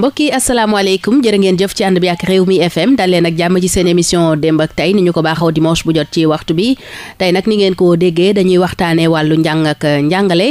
mbokk yi asalaamaaleykum jërë ngeen jëf ci ànd bi ak réew mi FM dal leen ak jàmm ci seen émission démb ak tey ni ñu ko baaxoo dimanche bu jot ci waxtu bi tey nag ni ngeen koo déggee dañuy waxtaanee wàllu njàng ak njàngale.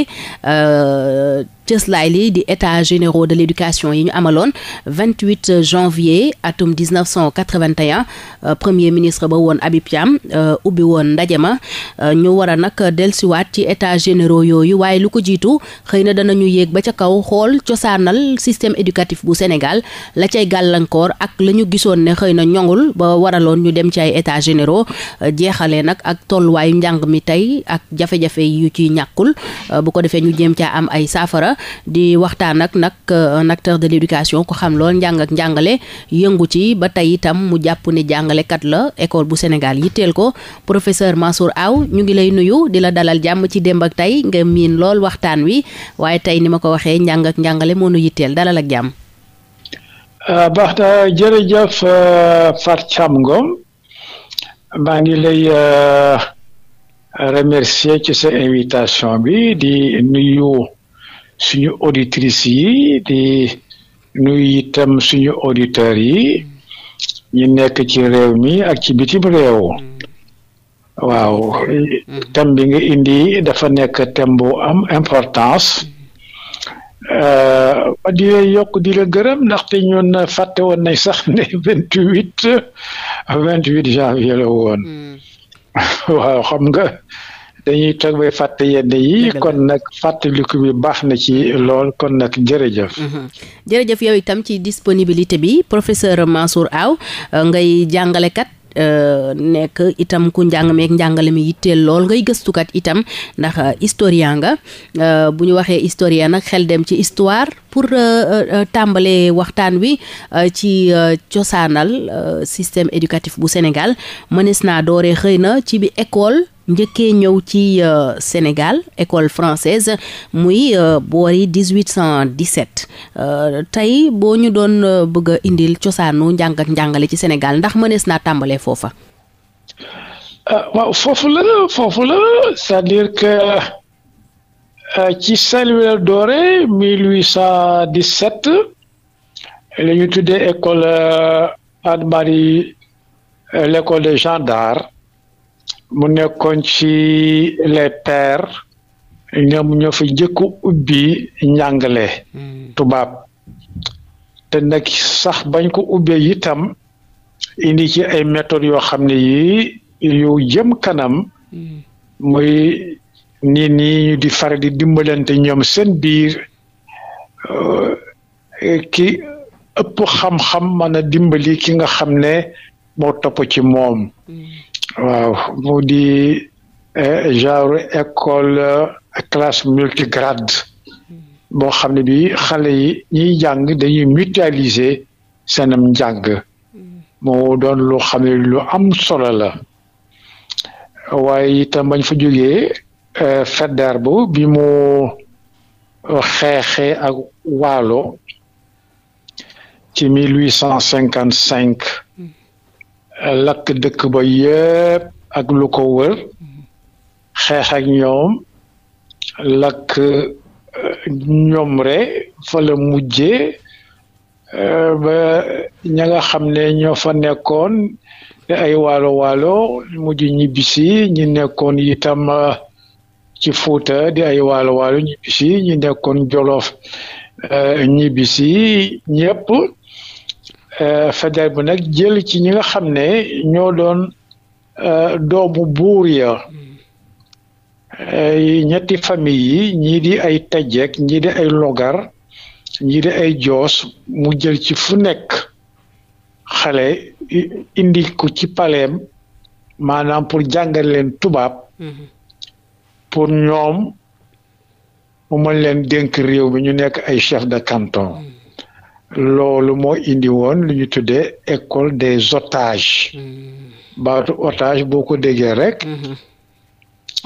Euh, cëslaay li di états généraux de l'éducation yi ñu amaloon 28 janvier atum 1981 euh, premier ministre ba woon Habib Thiam euh, ubbi woon ndaje ma euh, ñu war a nag dellusiwaat ci états généraux yooyu waaye lu ko jiitu xëy na danañu yéeg ba ca kaw xool cosaanal système éducatif bu Sénégal la cay gàllankoor ak la ñu gisoon ne xëy na ñoŋul ba waraloon ñu dem ci ay état généraux jeexalee nag ak tolluwaayu njàng mi tey ak jafe-jafe yu ci ñàkkul bu ko defee ñu jéem caa am ay saafara di waxtaan ak nag euh, un acteur de l'éducation ku xam lool njàng ak njàngale yëngu ci ba tey itam mu jàpp ni jàngalekat la école bu Sénégal yitteel ko professeur Mansour Aw ñu ngi lay nuyu di la dalal jàmm ci démb ak tey nga miin lool waxtaan wi waaye tey ni ma ko waxee njàng ak njàngale moo nu yitteel dalal ak jàmm. Euh, baax na jërëjëf euh, Fatou Thiam Ngom maa ngi lay remercier ci sa invitation bi di nuyu. suñu auditrices yi di nuyu itam suñu auditeurs yi ñu nekk ci réew mi ak ci bitim réew waaw thème bi nga indi dafa nekk thème bu am importance euh, ma di yokk di la gërëm ndaxte ñun fàtte woon nañ sax ne vingt huit vingt huit janvier la woon hmm. waaw xam nga dañuy toog bay fàtte yenn yi kon nag fàttaliku bi baax na ci lool kon nag jërëjëf mhm. jërëjëf yow itam ci disponibilité bi professeur Mansour Aw euh, ngay jàngalekat euh, nekk itam ku njàng meek njàngale mi yitteel lool ngay gëstukat itam ndax euh, historien nga bu ñu waxee historien nag xel dem ci histoire pour tàmbale waxtaan wi ci cosaanal système éducatif bu Sénégal mënees naa dooree xëy na ci bi école njëkkee ñëw ci euh, Sénégal école française muy euh, boori 1817 euh, tey boo ñu doon bëgg a indil cosaanu njàng ak njàngale ci Sénégal ndax mënees naa tàmbalee foofa. foofu la foofu la c'est-à-dire que ci Saint-Louis Doré 1817 la ñu tuddee école Anne-Marie l'école de Jeanne d'Arc mu nekkoon ci les pères ñoom ñoo fi njëkk ubbi njàngale hmm. tubaab te nag sax bañ ko ubbi itam indi ci ay méthodes yoo xam ne yi yu jëm kanam hmm. muy nit ñi ñu di faral di dimbalante ñam seen biir euh, ki ëpp xam-xam mën dimbali ki nga xam ne moo topp ci moom. Hmm. waaw mu di eh, genre école eh, classe multigrade boo xam ne bi xale yi ñiy jàng dañuy mutualiser seenam njàng moo doon lu xam ne lu am solo la waaye itam bañ fa jógee eh, Faidherbe bi mu xeexee ak waalo ci mille huit cent cinquante cinq lakk dëkk ba yépp ak lu ko wër xeex ñoom lakk euh, ñoom re fa la mujje euh, ba nga xam ne ñoo fa nekkoon te ay waalo waalo mujj ñibbisi ñi nekkoon itam euh, ci Fuuta di ay waalo walo ñibbisi ñi nekkoon Jolof ñibisi ñépp fajaay bi nag jël ci ñi nga xam ne ñoo doon euh, doomu buur ya ñetti famille yi ñii di ay tajjeek ñii ay logar ñii ay joos mu jël ci fu nekk xale indi ko ci paleem maanaam pour jàngal leen tubaab mm-hmm. pour ñoom mu mën leen dénk réew mi ñu nekk ay chef de canton mm-hmm. loolu moo indi woon lu ñu tuddee école des otages hmm. baatu otage boo ko déggee rek hmm.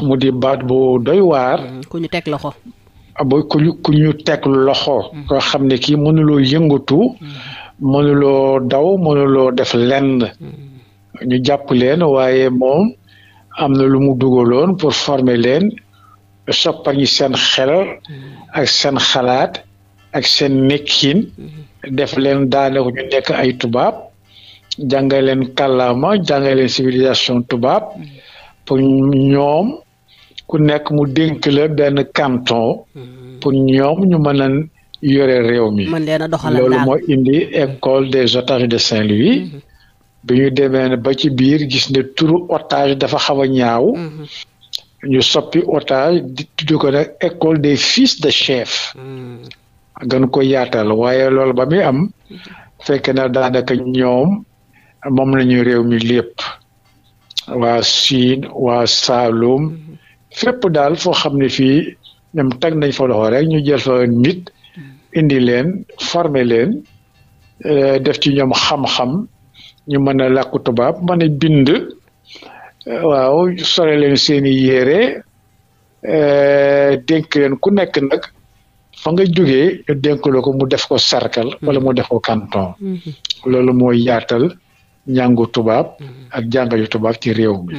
mu di baat bu doywaar waar hmm. ku ñu teg loxo ah, bo ku ñu ku ñu teg loxo koo xam ne kii mënuloo yëngatu mënuloo daw mënuloo def lenn ñu jàpp leen waaye moom am na lu mu loon pour former leen soppañi seen xel ak seen xalaat ak seen nekkin def leen daane ko ñu nekk ay tubaab jàngal leen kàllaama jàngal leen civilisation tubaab pour ñoom ku nekk mu dénk benn kanton pour ñoom ñu mën a yore réew mi loolu moo indi école des otages de Saint-Louis bi ñu demee ba ci biir gis ne turu otage dafa xaw a ñaaw ñu soppi otage di tudd ko école des fils de chef gën ko yaatal waaye loolu ba muy am fekk na daanaka ñoom moom la ñu réew mi lépp waa Siin waa Saalum fépp daal foo xam ne fii ñoom tag nañ fa loxo rek ñu jël fa nit indi leen former leen euh, def ci ñoom xam-xam ñu mën a làkku tubaab mën bind waaw sore seeni yére euh, dénk leen ku nekk nag fa nga jógee ñu dénk ko mu def ko sarkal mm-hmm. wala mu def ko canton mm-hmm. loolu mooy yaatal njàngu tubaab mm-hmm. ak jàngaju tubaab ci réew mi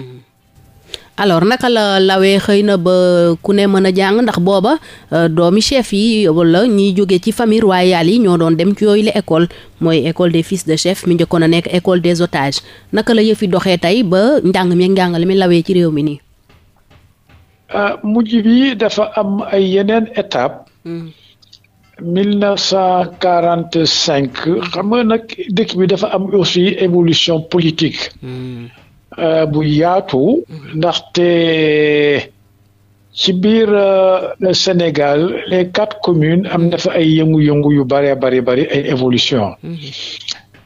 alors naka la lawee xëy na ba ku ne mën a jàng ndax booba euh, doomi chef yi wala ñiy jóge ci famille royale yi ñoo doon dem ci yooyu la école mooy école des fils de chef mi njëkkoon a nekk école des otage naka la yëfi doxee tey ba njàng mi njàngale mi lawee ci réew mi nii ah, mujj bi dafa am ay yeneen étape mille neuf cent quarante cinq xam nga dëkk bi dafa am aussi évolution politique euh, bu yaatu ndaxte ci biir euh, Sénégal les quatre communes am na ay yëngu-yëngu yu bëree bëri bëri ay évolution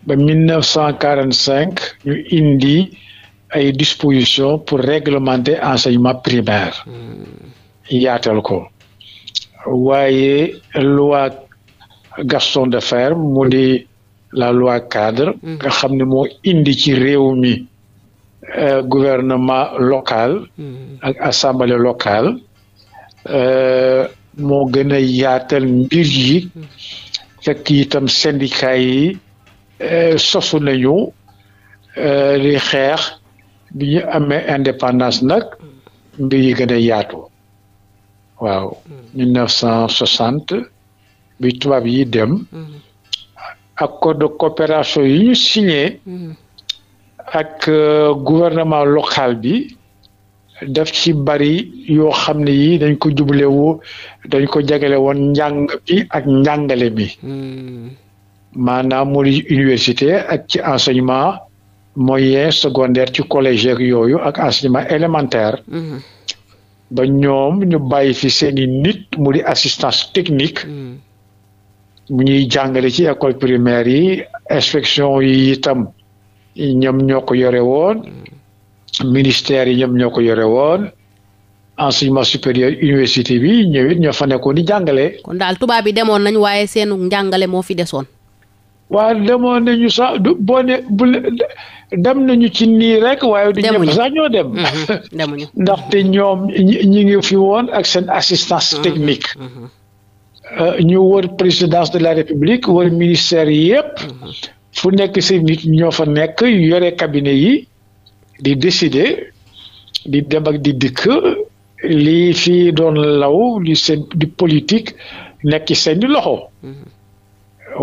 ba mille neuf cent quarante cinq ñu indi ay disposition pour réglementer enseignement primaire yaatal ko waaye loi Gaston Defferre mu di la loi cadre mm-hmm. nga xam ne moo indi ci réew mi euh, gouvernement local mm-hmm. ak assemblée local euh, moo gën a yaatal mbir yi mm-hmm. fekk itam syndicat yi euh, sosu nañu di xeex bi ñu amee indépendance nag mbir yi a yaatu waaw mm. mille neuf cent soixante bi tubaab yi dem mm. accord de coopération yi ñu signé mm. ak euh, gouvernement local bi def ci bari yoo xam ne yi dañ ko jublewu dañ ko jagale woon njàng bi ak njàngale mi maanaam mu université ak ci enseignement moyen secondaire ci collège yooyu ak enseignement élémentaire ba ñoom ñu bàyyi fi seeni nit mu di assistance technique hmm. mu ñuy jàngale ci école primaire yi inspection yi itam ñoom ñoo ko yore woon hmm. ministère yi ñoom ñoo ko yore woon enseignement supérieur université bi ñëw it ñoo fa nekkoon di jàngale. kon daal tubaab bi demoon nañu waaye seen njàngale moo fi desoon. waa demoon nañu sax du boo ne dem nañu ci nii rek waaye du ñëpp sax ñoo dem mm-hmm. ndaxte ñoom ñi ngi fi woon ak seen assistance mm-hmm. technique mm-hmm. Euh, ñu wër présidence de la république wër ministère yi yëpp fu nekk seen nit ñoo fa nekk yore cabinet yi di décider di dem ak di dikk lii fii doon law li seen di politique nekk seen di loxo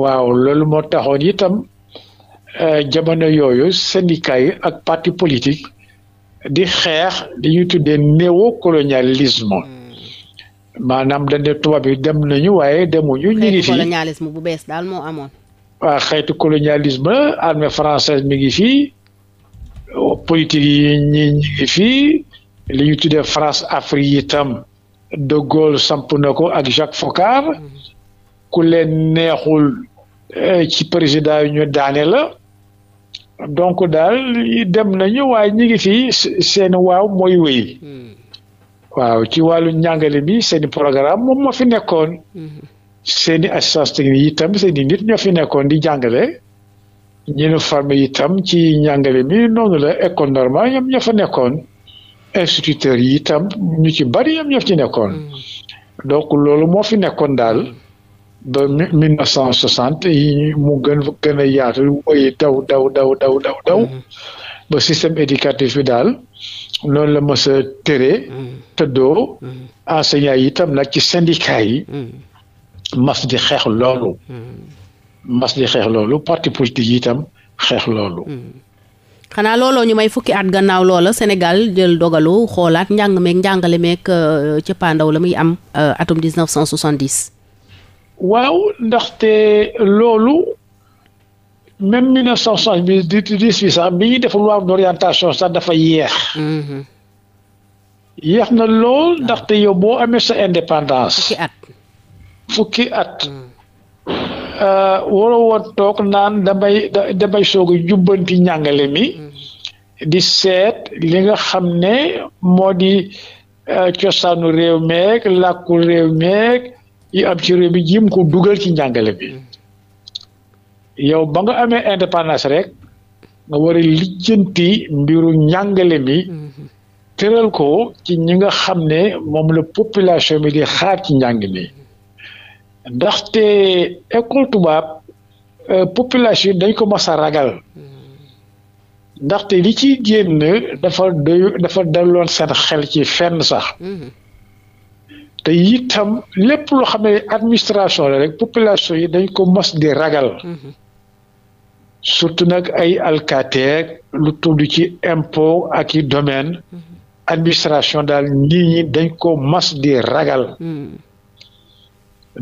waaw loolu moo taxoon itam euh, jamono yooyu syndicat yi ak parti politique di xeex li ñuy tuddee néocolonialisme hmm. maanaam dañ ne tubaab dem nañu waaye demuñu. ñu ngi fi bu bees daal moo amoon. waa xeetu colonialisme armée française mi ngi fii politique yi ñi ngi fii li ñu tuddee France Afrique itam de Gaulle samp na ko ak Jacques Foccart hmm. ku leen neexul eh, ci président yi ñu daane la donc daal dem nañu waaye ñi ngi fii seen waaw mooy wéy hmm. waaw ci wàllu njàngale mi seen programme moom moo fi nekkoon hmm. seeni i assistance technique yi itam nit ñoo fi nekkoon di jàngale ñun farme itam ci njàngale mi noonu la école normale ñoo fa nekkoon instituteurs yi itam ñu ci bari ñoom ñoo ci nekkoon hmm. donc loolu moo fi nekkoon daal. ba mille neuf cent soixante yi mu gën gën a yaatu mooy daw daw daw daw daw daw mm-hmm. ba système éducatif bi daal noonu la mës a tëree mm-hmm. tëddoo mm-hmm. enseignant yi itam nag ci syndicat yi mas di xeex loolu mas di xeex loolu parti politique yi itam xeex loolu xanaa looloo ñu may fukki at gannaaw loola Sénégal jël dogalu xoolaat njàng meek njàngale meek euh, ca pandaw la muy am euh, atum 1970 waaw ndaxte loolu même 1970 di di bi sax bi ñuy def loi d'orientation sax dafa yéex. Mm-hmm. yéex na lool ah. ndaxte yow boo amee sa indépendance. fukki at. fukki at. Mm. Euh, waroo woon toog naan damay damay soog a jubbanti njàngale mi. Mm. di seet li nga xam ne moo di euh, cosaanu réew meek làkku réew meek. yi am ci réew mi jim ko dugal ci njàngale bi yow ba nga amee indépendance rek nga war a lijjanti mbiru njàngale mi tëral ko ci ñi nga xam ne moom la population bi di xaar ci njàng mi ndaxte école tubaab euh, population dañ ko mas a ragal ndaxte li ci génn dafa doy dafa daloon seen xel ci fenn sax. te itam lépp loo xam ne administration la rek population yi dañ ko mas di ragal. Mhm. surtout nag ay alkateeg lu tudd ci impo ak i domaine mhm. administration daal nit ñi dañ ko mas di ragal. Mhm.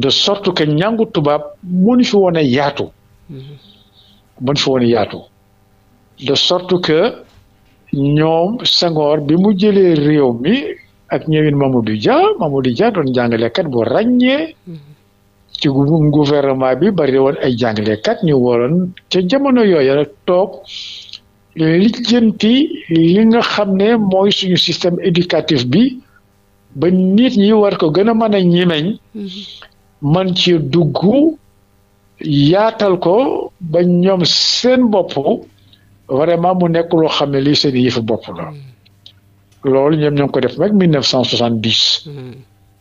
de sorte que ñàngu tubaab mënu fi woon a yaatu. mënu de sorte que ñoom Senghor bi mu jëlee réew mi. ak ñëwin Mamadou Dia Mamadou Dia doon jàngalekat bu ràññee ci gouvernement bi bari woon ay jàngalekat ñu waroon ca jamono yooyu rek toog lijjanti li nga xam ne mooy suñu système éducatif bi ba nit ñi war ko gën a mën a ñimeñ man ci dugg yaatal ko ba ñoom seen bopp vraiment mu nekk loo xam ne lii seen yëfu bopp la. loolu ñoom ñoo ngi ko def rek mille neuf cent soixante dix hmm.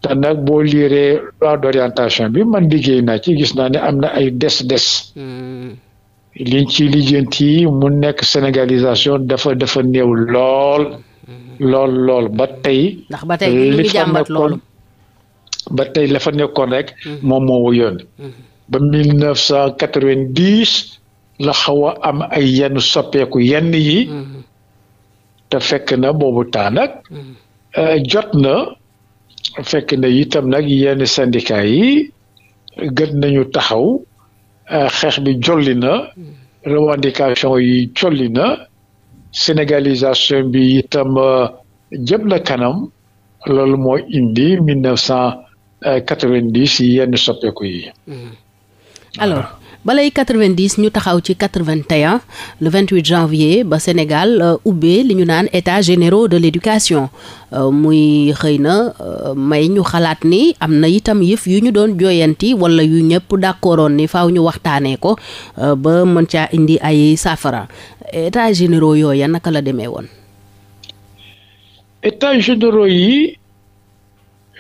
te nag boo liiree loi d'orientation bi man liggéey naa ci gis naa ne am na ay des-des hmm. liñ ci lijjanti mu nekk sénégalisation dafa dafa néew lool hmm. lool lool ba tey ndax ba tey li ba tey la fa nekkoon rek moom moo wuyoon ba mille cent quatre-vingt-dix la xaw a am ay yenn soppeeku yenn yi te fekk na boobu temps nag hmm. euh, jot na fekk na itam nag yenn syndicat yi gën nañu taxaw euh, xeex bi jolli na hmm. revendication yi jolli na sénégalisation bi itam euh, jëm na kanam loolu moo indi mille neuf cent yenn soppeeku yi hmm. balay 90 ñu taxaw ci 81 le 28 janvier ba Sénégal euh, ubbee li ñu naan états généraux de l'éducation euh, muy xëy na euh, may ñu xalaat ni am na itam yëf yu ñu doon jooyanti wala yu ñëpp d'accordoon ni faw ñu waxtaanee ko ba mën caa indi ay saafara états généraux yooya naka la demee woon. états généraux yi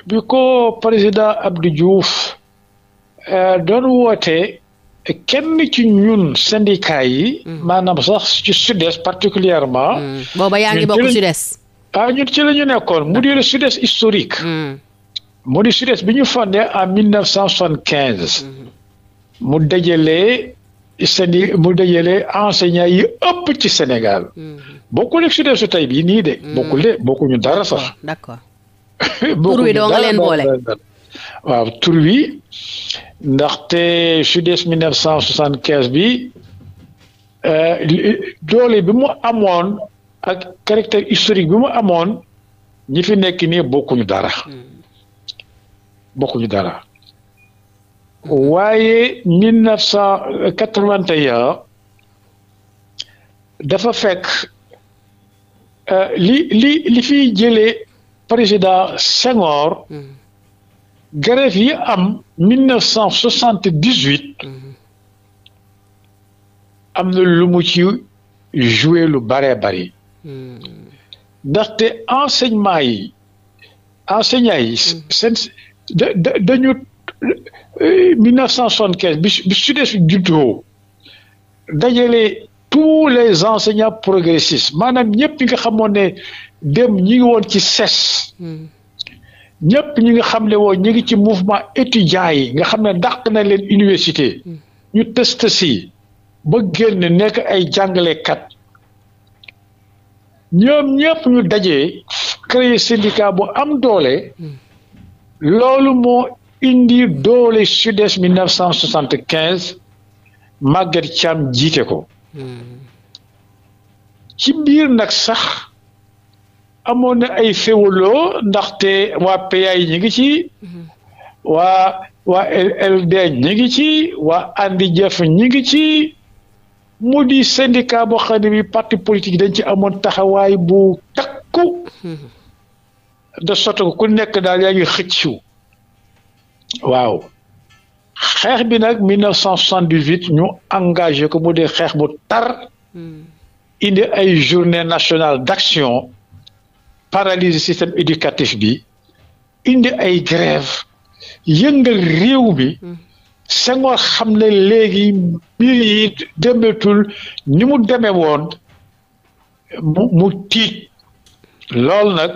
bi ko président Abdou Diouf doon woote kenn ci ñun syndicat yi. Hmm. maanaam sax ci SUDES particulièrement hmm. booba yaa ngi bokk SUDES. ah ñun ci la ñu nekkoon mu di le SUDES historique. Hmm. mu di SUDES bi ñu fondé en mille cent soixante quinze. mu dajale sendi mu dajale enseignants yi ëpp ci Sénégal. bokkul ak su tey bii nii de. bokkul bokkuñu dara sax. d'accord. doo nga leen boole waaw tur wi ndaxte sud-est 1975 bi euh, doole bi mu amoon ak caractère historique bi mu amoon ñi fi nekk nii bokkuñu dara hmm. bokkuñu dara waaye 1981 dafa fekk euh, li li li fi jëlee président Senghor. Mm. grève yi am 1978 am na lu mu ci joué lu baree bari ndaxte enseignement yi enseignants yi mm. seen da da dañu 1975 euh, bi bi SUDES juddoo dajale tous les enseignants progressistes maanaam ñëpp ñi nga xamoon ne dem ñi ngi woon ci CES. Mm. ñëpp ñu nga xam ne woo ñu ngi ci mouvement étudiant yi nga xam ne dàq na leen université ñu test si ba génn nekk ay jàngalekat ñoom ñëpp ñu dajee créer syndicat bu am doole loolu moo indi doole Sud-Est 1975 Maguette Thiam jiite ko hmm. ci biir nag sax amoon na ay féwaloo ndaxte waa PAI ñi ngi ci waa waa LD ñi ngi ci waa Andi Jëf ñi ngi ci mu di syndicat boo xam bi parti politique dañ ci amoon taxawaay bu takku de sorte ku nekk daal yaa ngi xëccu waaw xeex bi nag 1978 ñu engagé ko mu dee xeex bu tar hmm. indi ay journée nationale d'action paralyser système éducatif bi indi ay grève yëngal réew mi hmm. Senghor xam ne léegi mbir demetul ni mu demee woon mu mu lool nag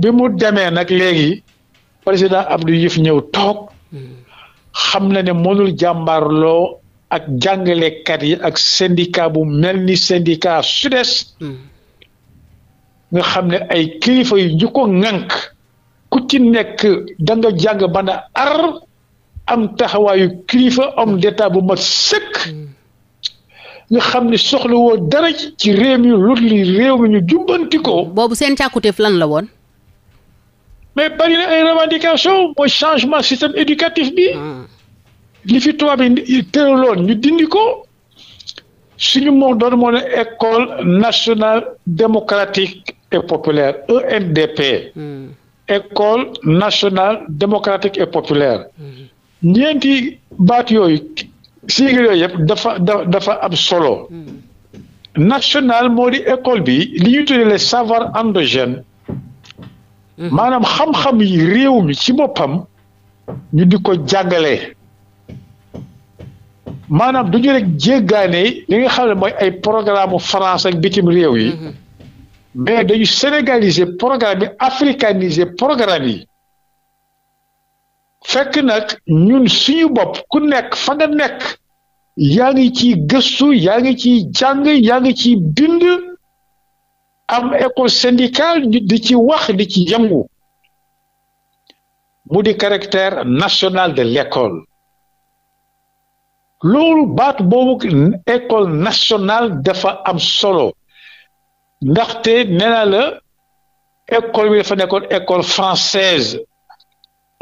bi mu bi nag léegi président Abdou Diouf ñëw toog hmm. xam na ne mënul jàmbarloo ak jàngalekat yi ak syndicat bu mel ni syndicat SUDES. Hmm. nga xam ne ay kilifa yu ñu ko ŋànk ku ci nekk da nga jàng mën a ar am taxawaayu kilifa homme d'état bu mat sëkk hmm. nga xam ne soxla woo dara ci réew mi lu li réew mi ñu jubbanti boobu seen càkkutéef lan la woon. mais bari na ay revendication mooy changement système éducatif bi. Ah. li fi tubaab yi tëraloon ñu dindi ko. suñu moo doon moo ne école nationale démocratique et populaire ENDP. Hmm. école nationale démocratique et populaire. Hmm. ñeenti baat yooyu sigle yooyu yëpp dafa dafa am solo. Hmm. national moo di école bi li ñu tuddee les savoirs endogènes. maanaam xam-xam yi réew mi ci boppam ñu di ko jàngalee. maanaam du ñu rek jéggaane li nga xam ne mooy ay programme france ak bitim réew yi. mais dañu sénégaliser programme yi africaniser programme yi fekk nag ñun suñu bopp ku nekk fa nga nekk yaa ngi ci gëstu yaa ngi ci jàng yaa ngi ci bind am école syndicale di ci wax di ci yëngu mu di caractère national de l'école loolu baat boobu école nationale dafa am solo ndaxte nee naa la école bi dafa nekkoon école française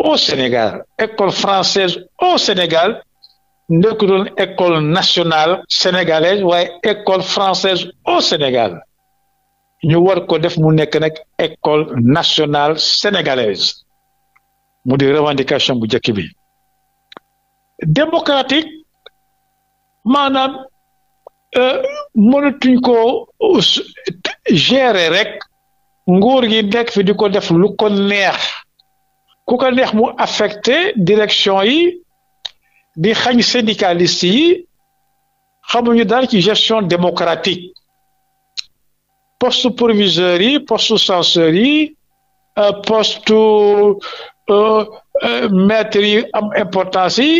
au Sénégal école française au Sénégal nekk doon école nationale sénégalaise waaye école française au Sénégal ñu war ko def mu nekk nag école nationale sénégalaise mu di revendication bu njëkk bi démocratique maanaam euh, mënatuñ ko euh, gérer rek nguur gi nekk fi di ko def lu ko neex ku ko neex mu affecté direction yi di xañ syndicaliste yi xamuñu daal ci gestion démocratique poste proviseurs yi poste censeurs yi euh, poste euh, euh, maîtres yi am importance yi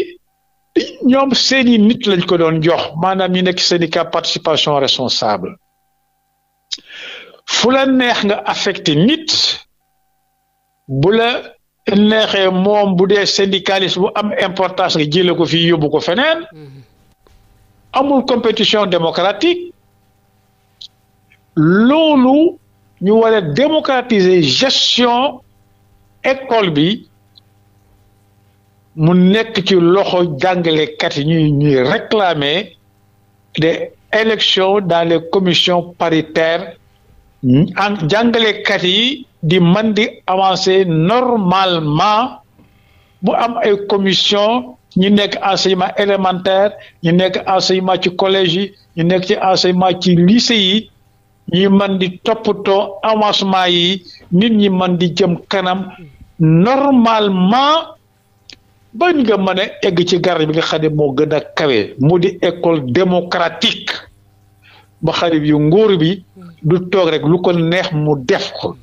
ñoom seeni nit lañ ko doon jox maanaam ñu nekk syndicat participation responsable fu la neex nga affecté nit bu la neexee moom bu dee syndicaliste bu am importance nga jële ko fii yóbbu ko feneen mm-hmm. amul compétition démocratique loolu ñu war a démocratiser gestion école bi mu nekk ci loxo jàngalekat yi ñuy ñuy réclamer des élections dans les commissions paritaires en hmm? jàngalekat yi di man di avancer normalement mu am ay commission ñu nekk enseignement élémentaire ñu nekk enseignement ci collège yi ñu nekk ci enseignement ci lycée yi ñuy man di toppatoo avancement yi nit ñi man di jëm kanam normalement ba nga mën a egg ci garab bi nga xam ne moo gën a kawe mu di école démocratique ba xarit yu nguur bi du toog rek lu ko neex mu def ko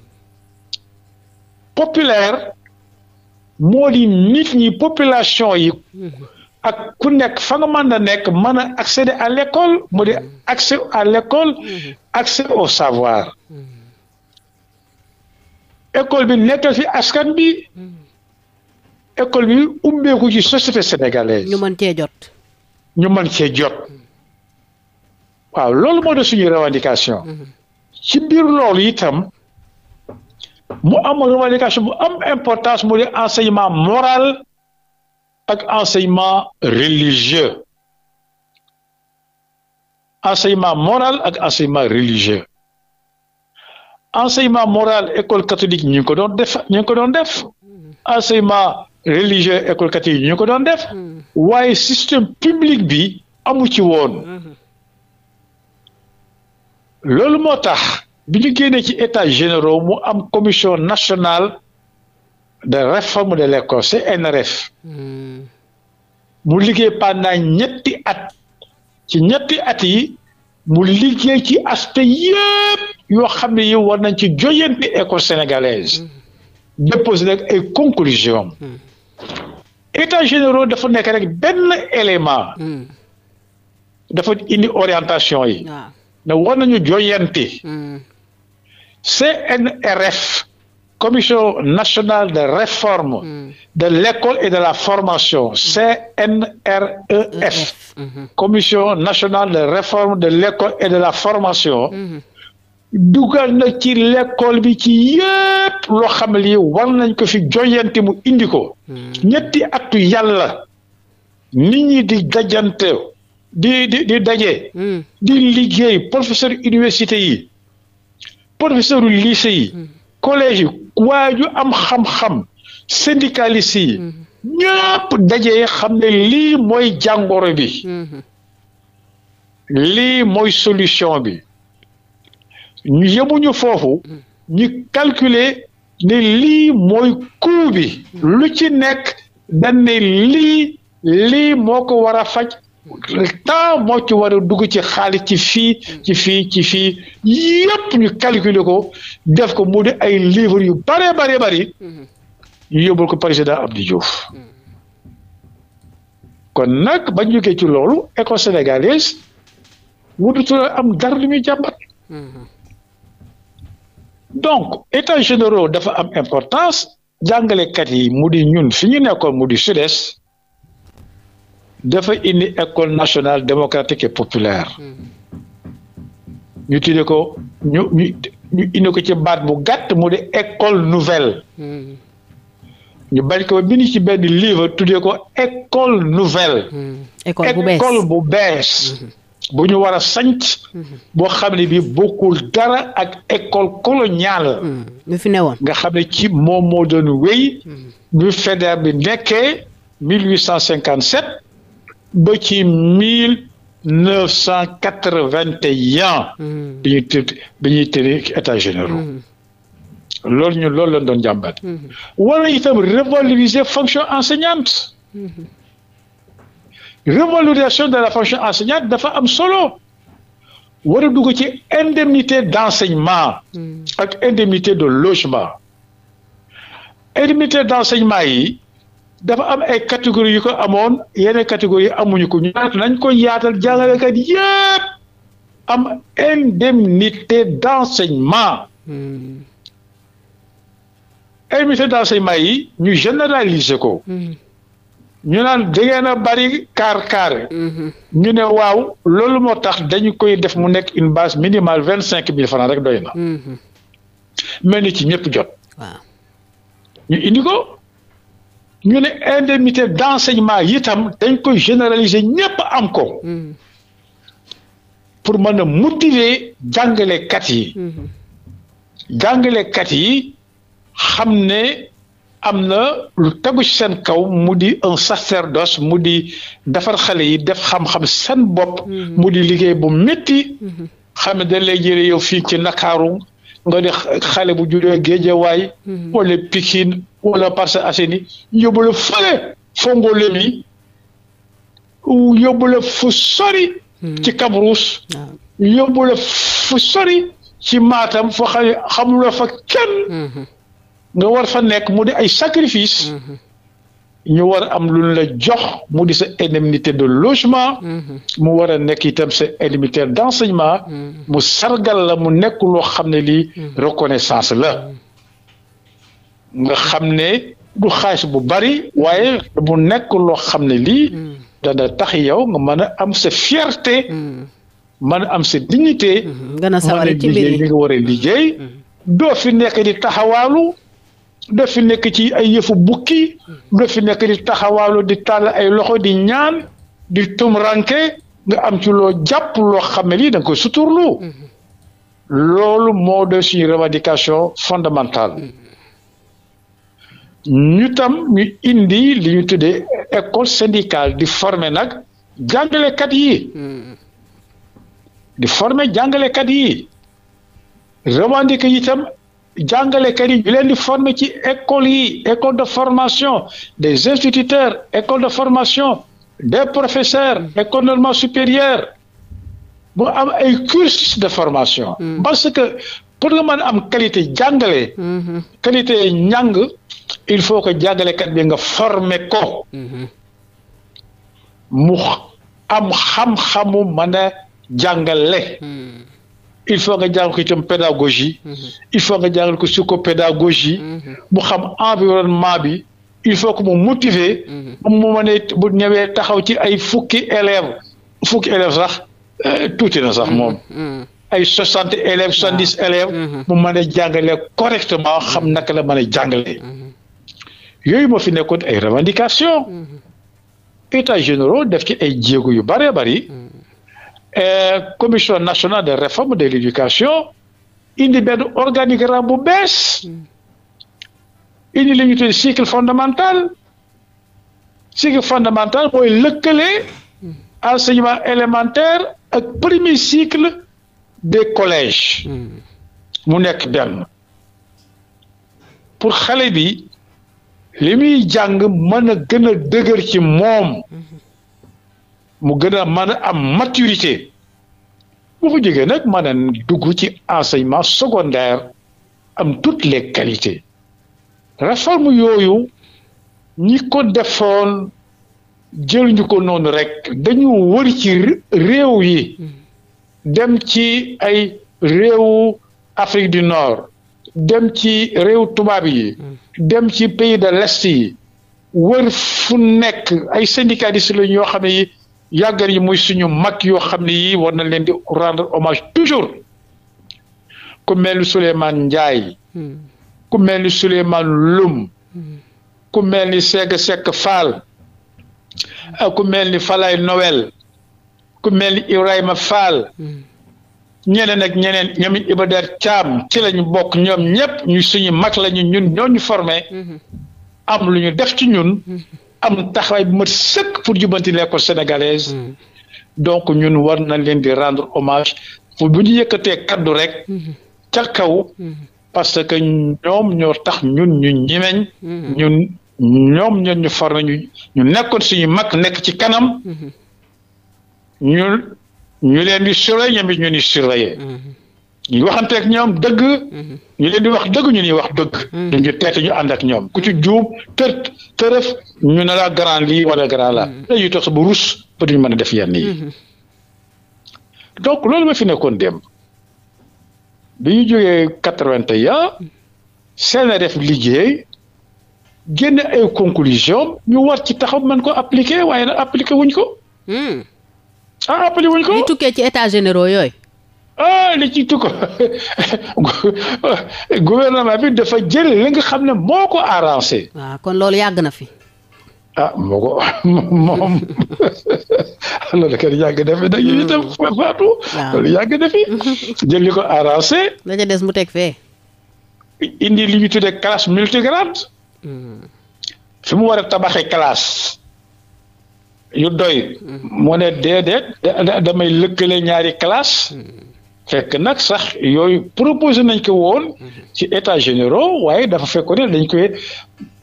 populaire moo di nit ñi population yi ak ku nekk fa nga man a nekk mën a accéder à l'école moo di accès à l'école accès au savoir école bi nekkal fi askan bi école bi ubbeeku ci société sénégalaise. ñu mën cee jot. ñu mën cee jot. waaw loolu moo de suñu revendication mhm. ci biir loolu itam mu am revendication bu am importance mu di enseignement moral ak enseignement religieux enseignement moral ak enseignement religieux enseignement moral école catholique ñu ngi ko doon def ñu ngi ko doon def mhm. enseignement religieux école catholique ñu ngi ko doon def mhm. waaye système public bi amu ci woon loolu moo tax bi ñu génnee ci états généraux mu am commission nationale de réforme de l'école CNRF hmm. mu liggéey pendant ñetti at ci ñetti at yi mu liggéey ci aspect yëpp yoo xam ne yi war nañ ci joyanti école sénégalaise hmm. déposé nag ay conclusion hmm. état généraux dafa nekk rek benn élément dafa indi orientation yi ne war nañu joyanti hmm. CNRF hmm. hmm. e e mhm. commission nationale de réforme de l'école et de la formation CNREF commission nationale de réforme de l'école et de la formation dugal na ci l'école bi ci yépp loo xam lii war nañ ko fi joyante mu indi ko ñetti atu yàlla nit ñi di gajante di daje. Hmm. di liggéey professeur université yi professeur lycée yi. Hmm. collège yi waaju am xam-xam syndicaliste yi. Hmm. ñëpp daje xam ne lii mooy jàngoro bi. lii mooy solution bi. ñu yemuñu foofu. ñu calculer ne lii mooy coût lu ci nekk dañ ne lii lii moo ko war a faj. temps moo ci war a dugg ci xaalis ci fii ci fii ci fii yëpp ñu calculer ko def ko mu di ay livres yu bëree bëri bëri yu yóbbul ko président Abdou Diouf kon nag bañ jógee ci loolu école sénégalaise wututula am dara lu muy jàmbat donc états généraux dafa am importance jàngalekat yi mu di ñun fi ñu nekkoon mu di sud dafa indi école nationale démocratique et populaire hmm. ñu tudde ko ñu ñu indi ko ci baat bu gàtt mu di école nouvelle hmm. ñu bañ ko bind ci benn livre tuddee ko école nouvelle hmm. école bu bees école bu ñu war a sanc boo xam ne bi bokkul dara ak école coloniale mi fi newoon nga xam ne ci moom moo doon wéy ñu fédère bi nekkee ba ci mille neuf cent quatre vingt et un hmm. bi ñuy tëdd ñuy tëdd état généraux hmm. loolu ñu loolu lañ doon jàmbat hmm. wala itam revaloriser fonction enseignante revalorisation de la fonction enseignante dafa am solo war a dugg ci indemnité d'enseignement ak indemnité de logement indemnité d'enseignement yi dafa am ay catégorie yu ko amoon yeneen catégorie amuñu ko ñu nañ ko yaatal jàngalekat yépp am indemnité d'enseignement hmm. indemnité d'enseignement yi ñu ko hmm. ñu naan da ngeen a bari kaar kaar hmm. ñu ne waaw loolu moo tax dañu koy def mu nekk une base minimale vingt cinq mille francs rek doy na mel ni ci ñëpp jot ñu indi ñu ne indemnité d'enseignement yitam dañ koy généraliser ñépp am ko mm-hmm. pour mën a motiver jàngalekat yi mm-hmm. jàngalekat yi xam ne am na lu tegu ci seen kaw mu di un sacerdoce mu di defar xale yi def xam-xam seen bopp mm-hmm. mu di liggéey bu métti xam ne dañ lay jële yow fii ci Ndakaaru nga di xale bu juree Géejawaay wala Pikine wala Parcelles Assainies yóbbu la fële Fongo Lemi yóbbu la fu sori. ci Kabrousse. yóbbu fu sori ci maatam foo xam ne xamuloo fa kenn. Hmm. nga war fa nekk mu di ay sacrifice. Hmm. ñu war am lu la jox mu di sa indemnité de logement. Hmm. mu war a nekk itam sa indemnité d'enseignement. mu sargal la mu nekk loo xam ne lii reconnaissance la. nga xam ne du xaalis bu bari waaye bu nekk loo xam ne lii mm. dana tax yow nga mën a am sa fierté mm. mën a am sa dignité mm-hmm. gën a sawar ci nga war a liggéey mm-hmm. doo fi nekk di taxawaalu doo fi nekk ci ay yëfu bukki mm. doo fi nekk di taxawaalu di tàll ay loxo di ñaan di tumranke nga am ci loo jàpp loo xam ne lii da nga koy suturlu mm-hmm. loolu moo de suñu revendication fondamentale ñu tam ñu indi li ñu tuddee école syndicale di former nag jàngalekat yi di former jàngalekat yi revendiquer yi tam jàngalekat yi ñu leen di former ci école yi école de formation des instituteurs école de formation des professeurs école normale supérieure bu am ay cursus de formation. Hmm. parce que pour nga mën am qualité jàngale. Mm-hmm. qualité njàng il faut que jàngalekat bi nga former ko. Mm-hmm. mu am xam-xamu mën a jàngale. Mm-hmm. il faut nga jàngal ko tam pédagogie. il faut nga jàngal ko psychopédagogie. mu xam environnement bi. il faut que mu motiver. mu mën a bu ñëwee taxaw ci ay fukki élèves fukki élèves sax euh, tuuti na sax moom. ay soixante élèves soixante dix élèves mhm. mu mën a jàngale correctement mhm. xam naka la mën a mhm. jàngale yooyu moo fi nekkoon ay revendication états généraux def ci ay jéego yu bëree bëri euh, commission nationale de réforme de l'éducation indi benn organigramme bu bees li ñu tudd cycle fondamental cycle fondamental mooy lëkkale enseignement élémentaire ak premier cycle des collèges. mu nekk benn. pour xale bi li muy jàng mën a gën a dëgër ci moom mu gën a mën a am maturité bu mu jógee nag mën a dugg ci enseignement secondaire am toutes les qualité réforme yooyu ñi ko defoon jël ñu ko noonu rekk dañu wër ci réew yi. dem ci ay réew Afrique du Nord dem ci réew tubaab yi hmm. dem ci pays de l'Est yi wër fu nekk ay syndicalistes lañ yoo xam ne yi yàggar yi muy suñu mag yoo xam ne yi war na leen di rendre hommage toujours ku mel ni Souleymane Ndiaye hmm. ku mel ni Souleymane Loum hmm. ku mel ni Sega Seck Fall ku mel ni Falay nowel ku mel ni Ibrahima Fall hmm. ñeneen ak ñeneen ñoom it Iba Der Thiam ci lañu bokk ñoom ñëpp ñu suñu mag lañu ñun ñoo ñu formé hmm. am lu ñu def ci ñun hmm. am taxawaay bu mat sëkk pour jubanti l'école sénégalaise donc ñun war nañ leen di rendre hommage pour bu ñu yëkkatee kaddu rek ca kaw parce que ñoom ñoo tax ñun ñu ñimeñ ñun ñoom ñoo ñu formé ñu ñu nekkoon suñu mag nekk ci kanam ñu leen di surveiller ñoom it ñu ni surveiller ñu mm-hmm. waxanteeg ñoom dëgg mm-hmm. ñu leen di wax dëgg ñu ni wax dëgg mm-hmm. duñu teet ñu ànd ak ñoom ku ci juum tër tërëf ñu na laa grand lii wala grand la day yu tox bu rus ba mën a def yenn yi donc loolu ma fi nekkoon démb bi ñu jógee quatre-vingt-un CNRF liggéey génne ay conclusion ñu war ci taxaw mën ko appliquer waaye nag appliquer wuñ ko mm. ah appelé wuñ ko li tukkee ci états généro yooyu. ah li ci gouvernement bi dafa jël li nga xam ne moo ko arrangé. waaw ah, kon loolu yàgg na fi. ah moo ko moom loolu kenn yàgg na fi nag itam ah. jël li ko arrangé. la des mu teg fee. indi li ñu tuddee classe multigrade. Hmm. fi mu war a tabaxee classe. yu doy mm-hmm. mu ne déedéet damay lëkkale ñaari classe mm-hmm. fekk nag sax yooyu proposé nañ ko woon mm-hmm. ci état généraux waaye dafa fekkoon ne dañ koy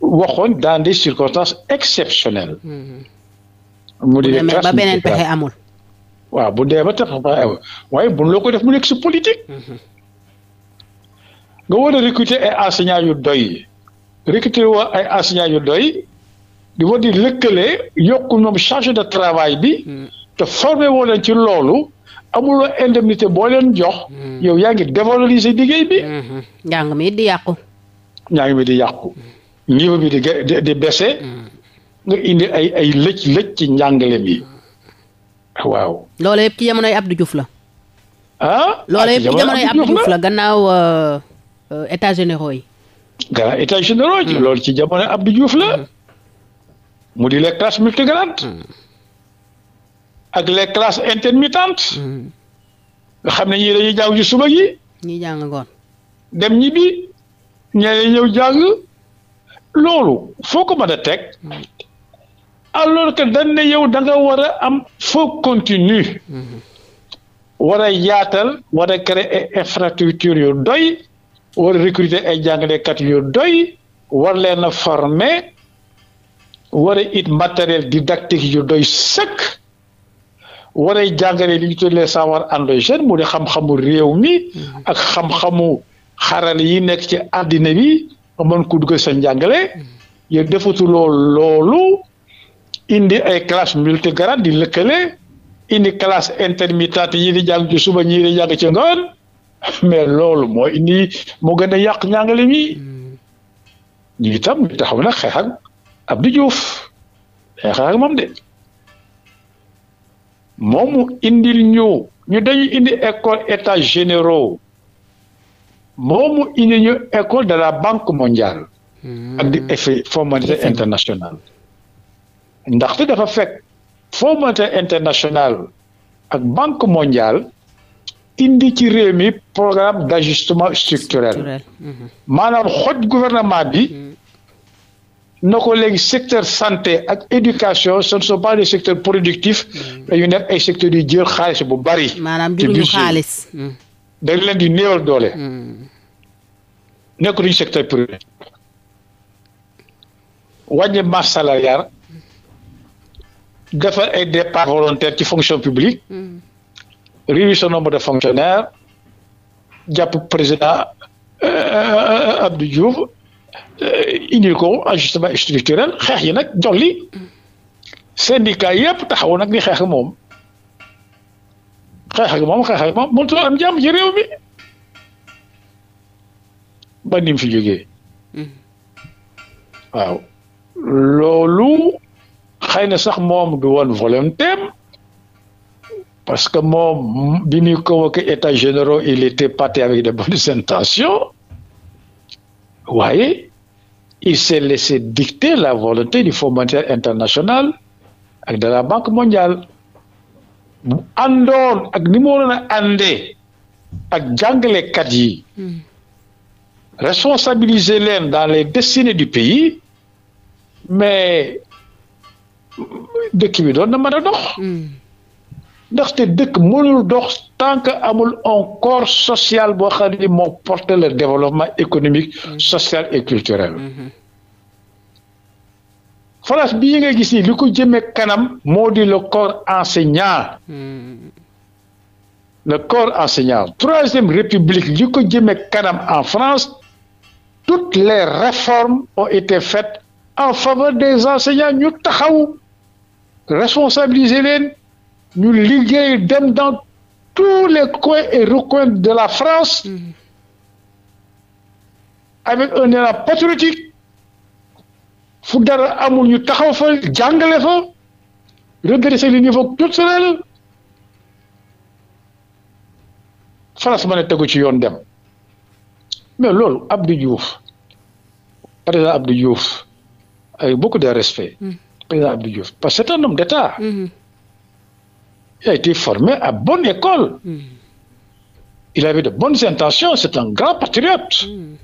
waxoon dans des circonstances exceptionnelles mu di ba beneen pexe amul waaw bu dee ba tax amul waaye bu loo ko def mu nekk si politique nga war a recruter ay enseignants yu doy recruter wa ay enseignants yu doy di ko di lëkkale yokku ñoom charge de travail bi hmm. te formé woo leen ci loolu amuloo indemnité boo leen jox hmm. yow yaa ngi dévaloriser liggéey bi hmm. njàng mi di yàqu njàng mi di yàqu nga indi ay ay lëcc-lëcc ci njàngale bi waaw loole yëpp ci jamonoy Abdou la ah loolu ah, yëpp ci jamonoy Abdou la gannaaw euh, euh, états généraux yi gannaaw états généraux yi loolu ci jamonoy Abdou Diouf la mu di les classes multigrandes hmm. ak les classes intermittentes hmm. xam ne ñii dañuy jàng ci suba yi ñii jàng ngoon. dem ñibbi ñee ñëw jàng loolu foo ko mën a teg hmm. alors que dañ ne yow da nga war a am foo continue war a yaatal war a créer ay infrastructure yu doy war a recruter ay jàngalekat yu doy war leen a former war it matériel didactique yu doy sëkk war a jàngale li ñu tuddee savoir endogène mu di xam-xamu réew mi mm-hmm. ak xam-xamu xaral yi nekk ci àddina bi mën ko dugg sa njàngale mm-hmm. yéen defutuloo loolu indi ay classe multigrade di lëkkale indi classe intermittente yi di jàng ci suba ñii jàng ci ngoon mais loolu moo indi moo gën a yàq ñàngale mi mm-hmm. ñu itam ñu taxaw nag xeex Abdou Diouf day xaar moom de moomu indil ñu ñu dañu indi école état généraux moomu indi ñu école de la banque mondiale. Hmm. ak di fo fonds monétaire international. ndaxte dafa fekk fo monétaire international ak banque mondiale indi ci réew mi programme d' ajustement structurel. Hmm. maanaam xoj gouvernement bi. Hmm. na ko léegi secteur santé ak éducation ce ne sont pas des secteurs productifs mm. mais yu nekk ay secteurs yu jël xaalis bu bari. maanaam jëluñu xaalis dañ leen di néewal doole. Mm. nekk duñu secteur privé. wàññi masse salariale defar ay départ volontaire ci fonction publique. Mm. réduire son nombre de fonctionnaires jàpp président euh, euh, euh, Abdou Euh, indil ko ajustement ah, structurel xeex yi nag jolli syndicat yëpp taxaw nag di xeex moom xeex ak moom xeex ak moom mënut am jàmm ci réew mi ba ni mu fi jógee mm-hmm. waaw loolu xëy na sax moom du woon volonté parce que moom bi ñuy convoqué état généraux il était parti avec de bonnes intentions waaye il s'est laissé dicter la volonté du Fonds monétaire international ak de la Banque mondiale bu àndoon ak ni mu ak jàngalekat yi hmm. responsabiliser leen dans les destinées du pays mais dëkk bi doon na mën a ndaxte dëkk mënul dox tant que amul un corps social boo xam ne moo porter le développement économique mm-hmm. social et culturel mm-hmm. France bii nga gis ni li ko jëmee kanam moo di le corps enseignant mm-hmm. le corps enseignant troisième république li ko jëmee kanam en France toutes les réformes ont été faites en faveur des enseignants ñu taxaw responsabiliser leen ñu liggéey dem dans tous les coins et recoins de la France mmh. avec un patriotique fu dara amul ñu taxaw fa jàngale fa redresser le niveau culturel France mën a tegu ci yoon dem mais loolu Abdou Diouf président Abdou Diouf avec beaucoup de respect mm-hmm. président Abdou Diouf parce que c'est un homme d'État mmh. a été formé à bonne école. Mm. c'est un grand patriote. Hmm.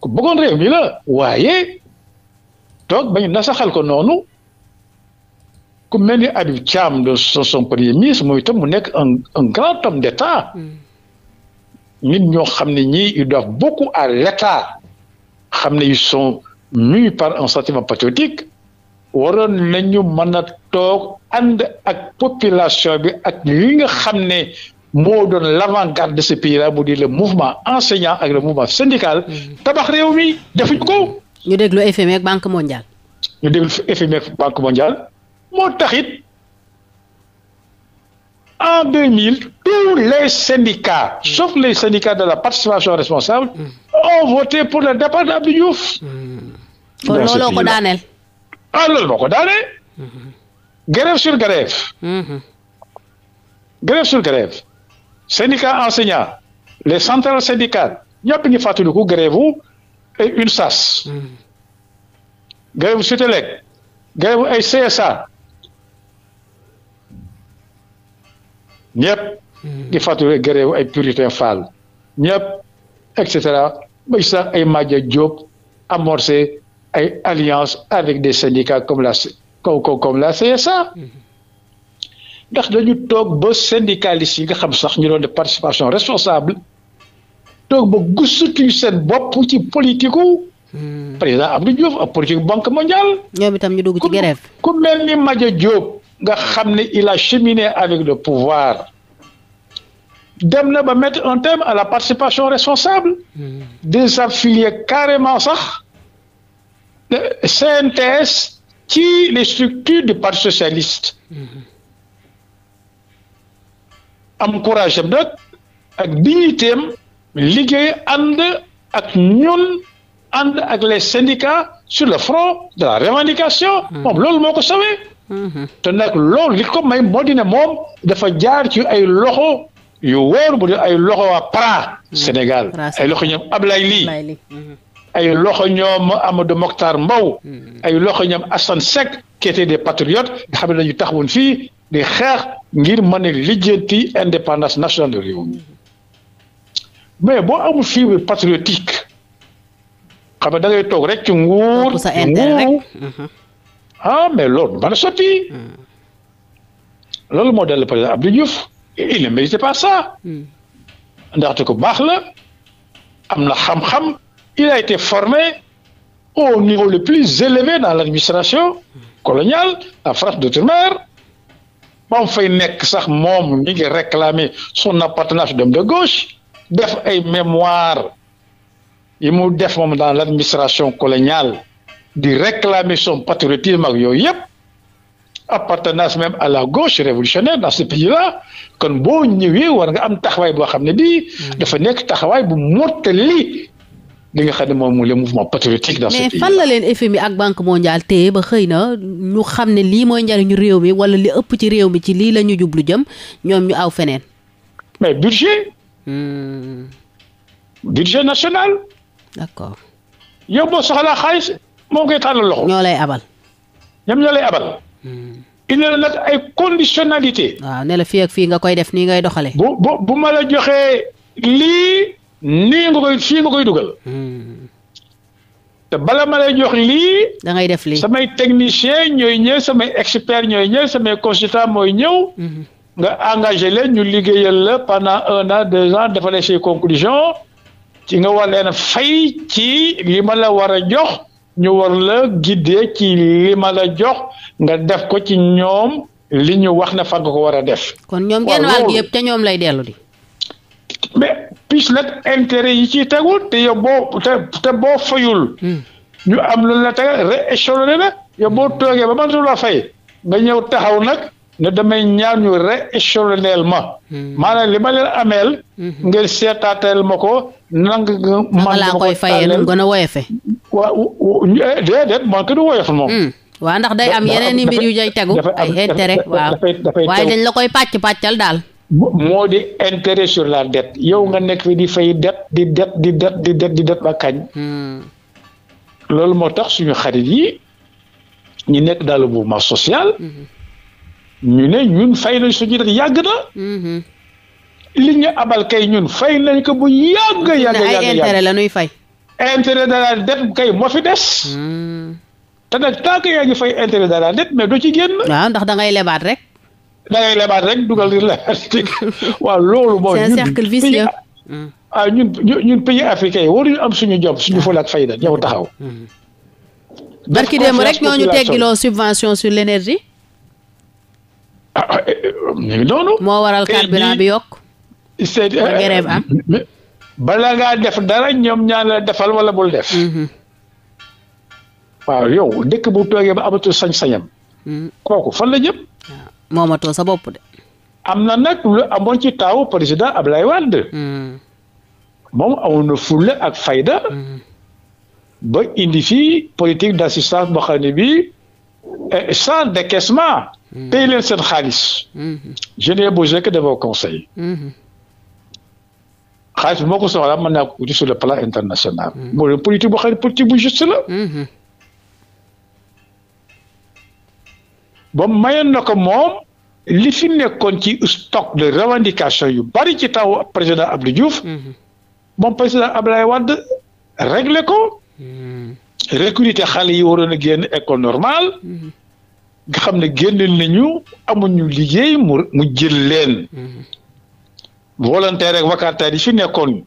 ku bëggoon réew mi la waaye toog bañ nasaxal ko noonu ku mel ni Habib Thiam de son premier ministre moom itam mu nekk un un grand homme d'État hmm. nit ñoo xam ne ñii ils beaucoup à l'État xam ne ils sont mûs par un sentiment patriotique waroon nañu mën a ak population bi ak li nga xam ne moo doon l'avant-garde de ce pays là mu di le mouvement enseignant ak le mouvement syndical mm-hmm. tabax réew mi defuñu ko. ñu déglu FMI ak ñu déglu FMI ak Banque mondiale moo taxit en deux mille tous les syndicats mm-hmm. sauf les syndicats de la participation responsable mmh. ont pour le départ d'Abdou mm-hmm. looloo ko daaneel. ah loolu moo ko daanee. grève sur grève. grève sur grève. syndicat enseignant les centrales syndicales ñëpp ñu fàttaliku grève wu UNSAS. grève Sutelec grève ay CSA. ñëpp di fàttali grève ay Puritain Fall ñëpp et cetera sax ay Madia Diop amorcé ay alliance avec des syndicats comme la comme comme CSA. Mm-hmm. ndax dañu toog ba syndicalistes yi nga xam sax ñu doon de participation responsable toog ba gusatuñu seen bopp ci politique mm-hmm. président Abdou Diouf a politique banque mondiale. ñoom itam ñu dugg ci grève. ku mel ni Madia Diop nga xam ne il a cheminé avec le pouvoir dem na ba mettre un terme à la participation responsable. Mm-hmm. désaffilier carrément sax CNTS ci les structures du parti socialiste am courage am ak dignitéem liggéey ànd ak ñun ànd ak le syndicats sur le front de la revendication hmm. moom loolu moo ko sawee hmm. te nag loolu li ko may moo moom dafa jaar ci ay loxo yo wóor bu ay loxo waa PRA hmm. Sénégal ay loxo ñoom Ablaye Ly ay loxo ñoom Amadou Mokhtar Mbow hmm. ay loxo ñoom Assane Seck qui étaient des patriotes xam ne dañu taxawoon fii di xeex ngir mën a lijjanti indépendance nationale de réew mi mais boo amul fibre patriotique xam nga dangay toog rek ci nguur nguur ah mais loolu mën a sotti hmm. loolu moo dal président Abdou Diouf ne méritait pas ça hmm. ndaxte ko baax la am na xam-xam il a été formé au niveau le plus élevé dans l'administration coloniale en France d'outre-mer ba fay nekk sax moom mi ngi réclamer son appartenance dem de gauche def ay mémoire yi mu def moom dans l'administration coloniale di réclamer son patriotisme ak yooyu yëpp appartenance même à la gauche révolutionnaire dans ce pays-là kon boo ñëwee war nga am taxawaay boo xam ne bii mm. dafa nekk taxawaay bu mottali li nga xam ne moom le mouvement patriotique dans ce ak banque mondiale téye ba xëy na ñu xam ne lii mooy njariñu réew mi wala li ëpp ci réew mi ci lii la ñu jublu jëm ñoom ñu aw feneen mais budget hmm. budget national d'accord xaalis moo koy tàllal ñoo lay abal ñoom ñoo lay abal hmm. il ne la fii nga koy def nii ngay doxale bu bu bu ma la joxee lii nii nga koy fii nga koy dugal. te bala ma lay jox li dangay ngay def lii samay technicien ñooy ñëw samay expert ñooy ñëw samay consultant mooy ñëw. Mhm. nga engagé leen ñu liggéeyal la pendant un an deux ans defalee say conclusion ci nga war na fay ci li ma la war a jox ñu war la guider ci li jox nga def ko ci ñoom li ñu wax na fa nga ko war a def. kon ñoom genn wàll gi yëpp te ñoom lay dellu di. puis nag intérêt yi ci tegul te yow boo te te boo fayul. Hmm. ñu am lu la tegal rééchelonné la yow boo toogee ba mënatu la fay nga ñëw taxaw nag ne damay ñaan ñu rééchelonné ma. Hmm. maanaam li ma leen ameel. Hmm. ngeen seetaateel ma ko. nang man laa koy fayee nu gën a woyofee. wa eh, déedéet man ko du woyof moom. waa ndax day am yeneen i mbir yu jay tegu ay intérêt waaw waaye dañ la koy pàcc pàccal daal. moo di intérêt sur la dette yow nga nekk fi di fay dette di dette di dette di dette di dette ba kañ. Hmm. loolu moo tax suñu xarit yi ñu nekk dans le mouvement social. Hmm. ñu ne ñun fay nañ suñu dette yàgg na. Hmm. li ñu abal kay ñun fay nañ ko bu yàgg yàgg yàgg ay intérêt la ñuy fay. intérêt de la dette moo fi des. te nag tant que yaa ngi fay intérêt de la dette mais du ci génn. waaw ndax da ngay lebaat rek. da ngay lebaat rek dugal di lebaat waaw loolu. mooy c'est cercle vicieux. Ah, ah ñun ñun pays yi waruñu am suñu jom suñu ah. ful ak fayda ñëw taxaw. Mm-hmm. barki dem rek ñoo ñu teggiloo subvention sur l'énergie. Ah, eh, eh, moo waral carburant bi yokk. Eh, bala ngaa def dara ñoom ñaan la defal wala bul def. Mm-hmm. waaw yow dëkk bu toogee ba amatul sañ-sañam. Mm-hmm. kooku fan la jëm. moomatoo sa bopp de. am na nag lu amoon ci taawu président Ablaye Wade. Hmm. moom amoon na fulla ak fayda. Hmm. ba indi fii politique d' assistance boo xam ne bii eh, sans décaissement. Hmm. pay leen seen xaalis. je n'ai besoin que de vos conseils. xaalis bi moo ko soxlaa mën naa ko uti sur le plan international. moo leen politique boo xam politique bu juste ba mayoon na ko moom li fi nekkoon ci stock de revendication yu bari ci taw président Abdou Diouf mm-hmm. moom président Abdoulaye Wade réglé ko mm-hmm. recruter xale yi waroon a génn école normale mm-hmm. nga xam ne génn nañu amuñu liggéey mu mu jël leen volontaire ak vacataire yi fi nekkoon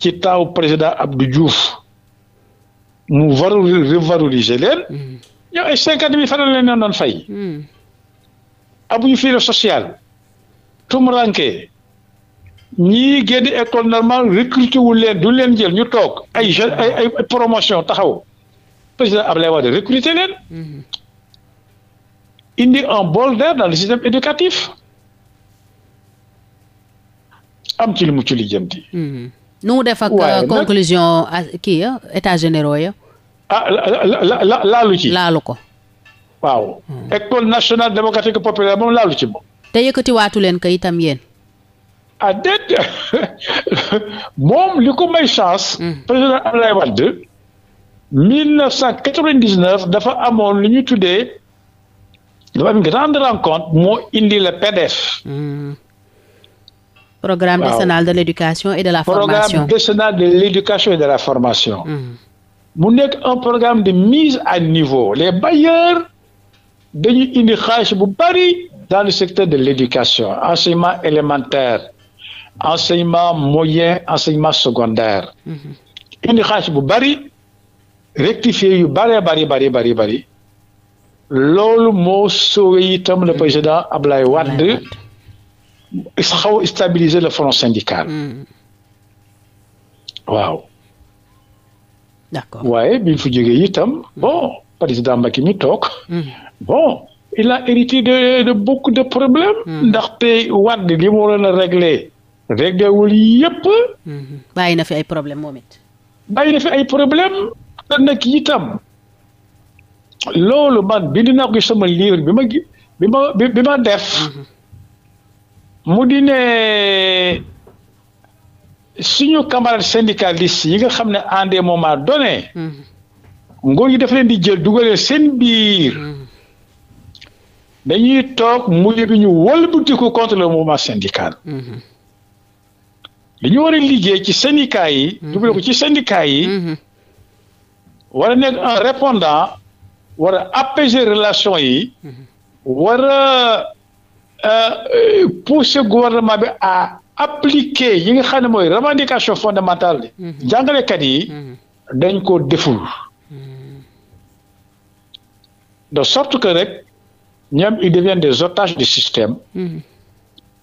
ci taaw président Abdou Diouf mu valoriser leen ñoom ay cinquante mille faral leen doon fay. Hmm. amuñu filet social. tumuranke ñii génn école normale recruté wu leen du leen jël ñu toog ay jeunes ay ay promotion taxaw président Ablaye Wade recruté leen. Hmm. indi un bol d'air dans le système éducatif. am ci lu mu ci lijjanti. Hmm. nu mu def ak conclusion kii ya états généraux ya ah la laalu ci. laalu ko. waaw. Hmm. école nationale démocratique populaire moom laalu ci moom. te yëkkatiwaatu leen ko itam yéen. ah déet moom li ko may chance. Hmm. président Abdoulaye Wade. 1999 dafa amoon lu ñu tuddee dafa am grande rencontre moo indi le PDS. Hmm. programme de l' éducation et de la formation et de la formation. mu nekk un programme de mise à niveau les bailleurs dañu indi xaalis bu bari dans le secteur de l'éducation enseignement élémentaire enseignement moyen enseignement secondaire mm-hmm. indi xaalis bu bari rectifier yu bari bari bari bari bari loolu moo sauvé itam le président Ablaye Wade xaw stabiliser le front syndical mm-hmm. waaw d'accord waaye bi fu jógee itam bon président Macky mi toog. Hmm. bon il a hérité de de de problèmes. Hmm. ndaxte Wade li mu waroon a réglé. réglé wul yëpp. Hmm. bàyyi na fi ay problème moom it. bàyyi na fi ay problème te nag itam loolu man bind naa ko sama livre bi ma bi ma bi ma def. mu di ne. suñu camarade syndicaliste yi nga xam ne à moment moments donné nguur gi daf leen di jël dugalee seen biir dañuy toog mu bi ñu wëlbatiku contre le mouvement syndical li ñu liggéey ci syndicat yi jubale ko ci syndicat yi war a nekk un répondant war a apaiser yi war a euh, pousser bi a appliquer yi nga xam ne mooy revendication fondamentale bi mhm. jàngalekat yi mhm. dañ ko deful mhm. de sorte que rek ñoom ils deviennent des otages du système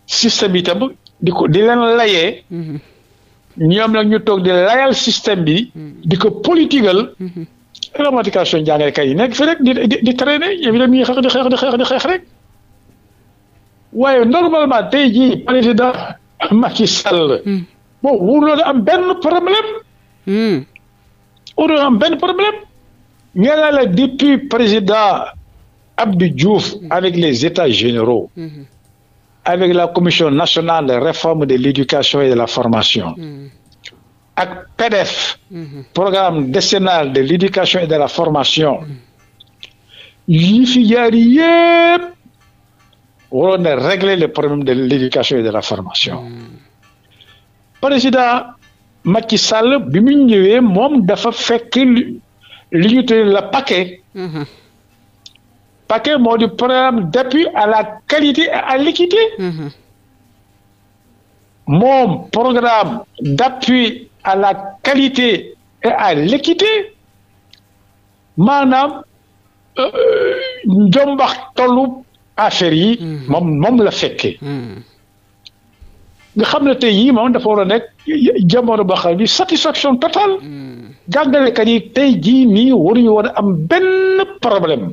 système bi tam di ko di leen layee ñoom nag ñu toog di layal système bi di ko politigal revendication jàngalekat yi nekk fi rek di di di traîner ñoom xeex di xeex di xeex rek waaye normalement tey jii président Macky Sall. Hmm. bon wóoruloo am benn problème. Hmm. wóoruloo am benn problème. ñu ne la depuis président Abdou hmm. avec les états généraux. avec la commission nationale de réforme de l'éducation et de la formation. ak PDEF. programme décennal de l'éducation et de la formation. yi waroon na régler le problème de l'éducation et de la formation président Macky Sall mu ñëwee moom dafa fekk li ñu la paquet mhm. paquet moo di programme d'appui à la qualité et à l'équité mhm. moom programme d'appui à la qualité et à l'équité maanaam euh, jombax tollu affaire yi. Mm. moom moom la fekkee. Mm. nga xam ne tey yii moom dafa war a nekk jamono ba xam ni satisfaction totale. Mm. jàngalekat yi tey jii nii waruñu woon am benn problème.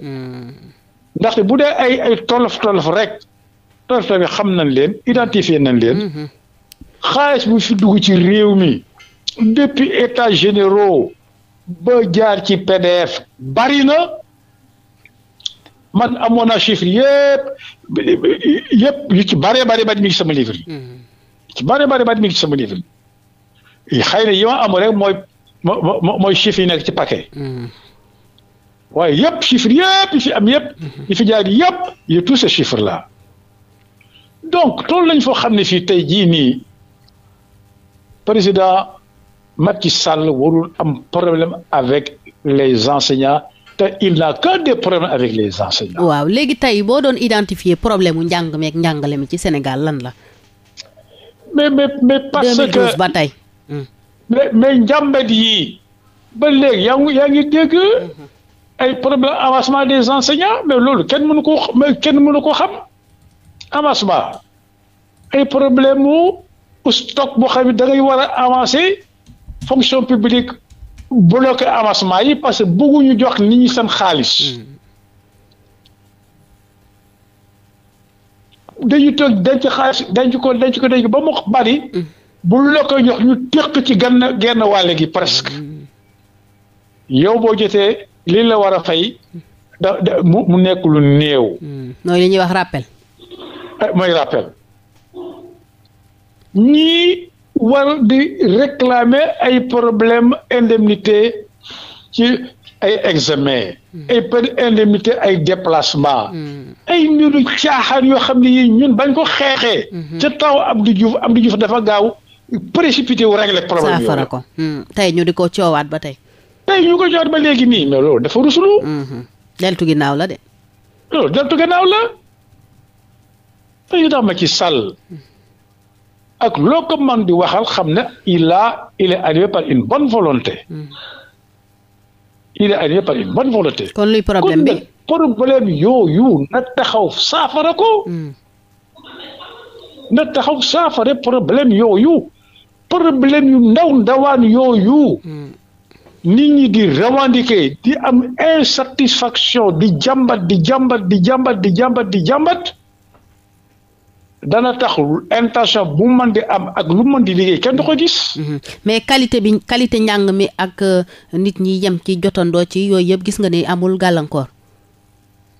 ndaxte bu dee ay ay tolof tolof rek tolof tolof yi xam nañ leen identifier nañ leen. Mm-hmm. xaalis bu fi dugg ci réew mi. depuis états généraux ba jaar ci PDF bari na. man amoon naa chiffre yëpp yëpp yu ci bare bare bare mi ngi sama livre hmm. ci bare bare bare mi ngi sama livre xëy na yi ma amoon rek mooy mooy chiffre yi nekk ci paquet hmm. waaye yëpp chiffre yëpp yi fi am yëpp hmm. yi fi jaar yëpp yu tous ces chiffres là donc tool lañ foo xam ne fii tey jii nii président Macky Sall warul am problème avec les enseignants te il n'a que des problèmes avec les enseignants. waaw léegi tey boo doon identifier problème mu njàng meek njàngale mi ci Sénégal lan la. mais mais mais parce que ba tey. Hmm. mais mais njàmbat yii ba léegi yaa ngi yaa ngi dégg ay problème avancement des enseignants mais loolu kenn mënu ko mais kenn mënu ko xam avancement ay problème mu stock boo xam ne da ngay a avancer fonction publique. bu bloqué avancement yi parce que bëgguñu jox ni ñu seen xaalis. Mm-hmm. dañu toog denc xaalis denc ko denc ko denc ba mu bari. Mm-hmm. bu ñu la jox ñu tëq ci genn genn wàll gi presque. Mm-hmm. yow boo jotee li la war a fay. da da mu mu nekk lu néew. mooy li ñuy wax rappel. Eh, mooy rappel. ñii war di réclamer ay problème indemnité ci ay examen hmm. ay per indemnité ay déplacement hmm. ay mbiru caaxaan yoo xam ne yi ñun bañ ko xeexee hmm. ca taw Abdou Diouf Abdou Diouf dafa gaaw précipité wu régler problème saafara ko tey ñu di ko coowaat ba tey tey ñu ko coowaat ba léegi nii mais loolu dafa rusulu deltu ginnaaw la de loolu deltu ginnaaw la dañu tax ma ci sàll ak loo ko man di waxal xam ne ila a il est animé par une bonne volonté. Hmm. il est par une bonne volonté. kon luy problème bi na taxaw saafara ko. Hmm. na taxaw saafara problème yooyu problème yu ndaw ndawaan yooyu. Hmm. ni ñi di revendiquer di am insatisfaction di jàmbat di jàmbat di jàmbat di jàmbat di jàmbat. dana tax intention bu mën di am ak lu mën di liggéey kenn du ko gis. Mhm. mais qualité bi qualité njàng mi ak euh, nit ñi yem ci jotandoo ci yooyu yëpp gis nga ne amul gàllankoor.